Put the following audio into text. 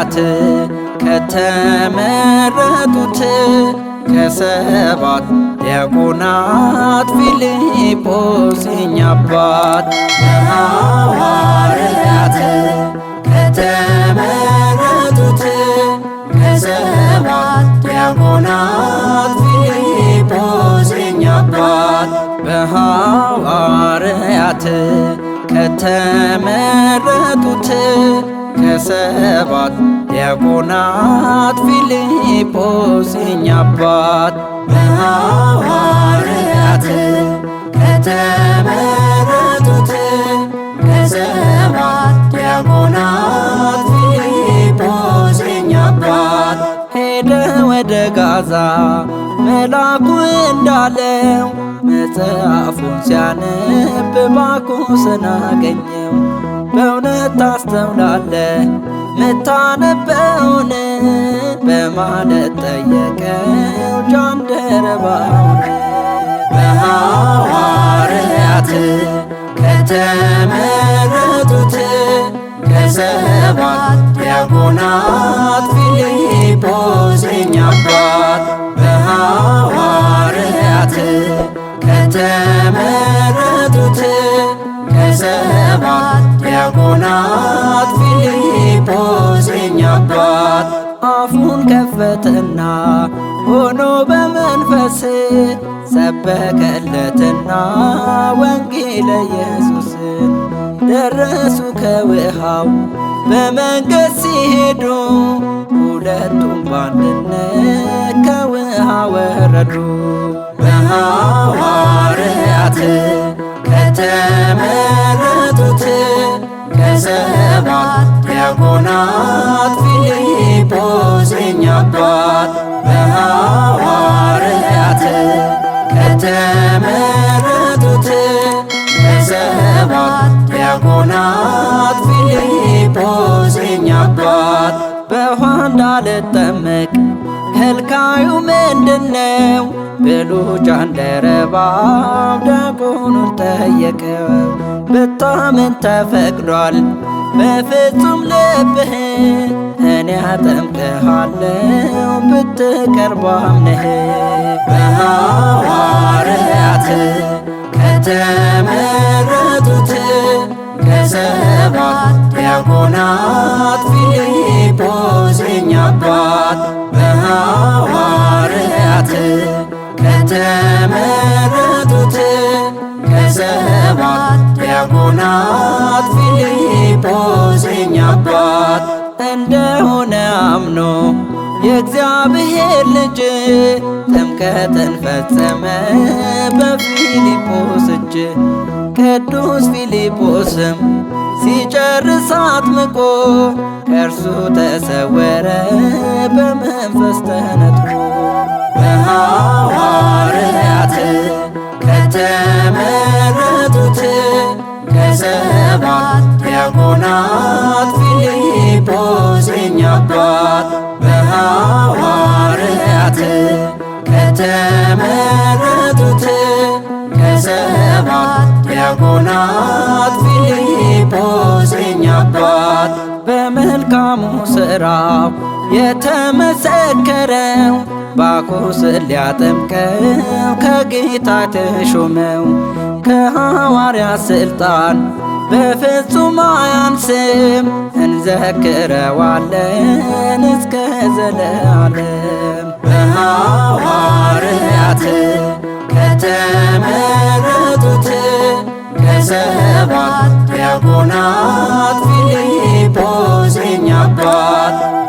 ነቢያት ከተመረጡት ከሰባት ዲያቆናት ፊልጶስ የኛ አባት ሐዋርያት ከተመረጡት ከሰባት ዲያቆናት ፊልጶስ የኛ አባት በሐዋርያት ከተመረጡት ከሰባት ዲያቆናት ፊልጶስ የኛ በሐዋርያት ከተመረጡት ከሰባት ዲያቆናት ፊልጶስ የኛ ሄደ ወደ ጋዛ መላኩ እንዳለው መጽሐፉን ሲያነብ ባኩስን አገኘው በእውነት ታስተውላለ ምታነበውን በማለት ጠየቀው ጃንደረባውን። በሐዋርያት ከተመረጡት ከሰባት ዲያቆናት ፊልጶስ የኛ በሐዋርያት ከተመረጡት ዘማት ዲያቆናት ፊልጶስ የኛ አባት አፉን ከፈተና ሆኖ በመንፈስ ሰበከለትና ወንጌለ ኢየሱስ ደረሱ ከውሃው በመንገድ ሲሄዱ ሁለቱም ባንድነት ከውሃ ወረዱ በሐዋር ልጠመቅ ከልካዩ ምንድነው ብሎ ጃንደረባ ዲያቆኑን ጠየቀ ብታምን ተፈቅዷል በፍጹም ልብህ እኔ አጠምቅሃለው ብትቀርባም አምነህ በሐዋርያት ከተመረጡት ከሰባት ዲያቆናት ፊልጶስ ሰባት በሐዋርያት ከተመረጡት ከሰባት ዲያቆናት ፊልጶስ አባት እንደሆነ አምኖ የእግዚአብሔር ልጅ ጥምቀትን ፈጸመ በፊልጶስ እጅ። ቅዱስ ፊልጶስም ሲጨርስ አጥምቆ ከእርሱ ተሰወረ በመንፈስ ተነጥቆ በሐዋርያት ከተመረጡት ከሰባት ዲያቆናት ፊልጶስ የኛ አባት በሐዋርያት ከተመረጡት ከሰባት ዲያቆናት ፊልጶስ የኛ አባት ስራው የተመሰከረው ባኩስ ሊያጠምቀው ከጌታ ተሾመው ከሐዋርያ ስልጣን በፍጹም አያንስም። እንዘክረዋለን እስከ ዘለዓለም። በሐዋርያት ከተመረጡት ከሰባት ዲያቆናት ፊት ቦዘኛ አባት